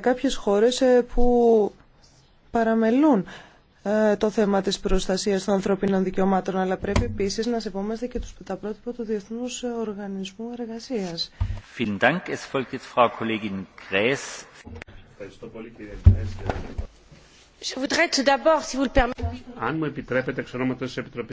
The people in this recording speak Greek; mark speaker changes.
Speaker 1: κάποιες χώρες ε, που παραμελούν ε, το θέμα της προστασίας των ανθρωπίνων δικαιωμάτων, αλλά πρέπει επίσης να σεβόμαστε και τους, τα πρότυπα του Διεθνούς Οργανισμού Εργασίας.
Speaker 2: Αν μου
Speaker 3: επιτρέπετε εξ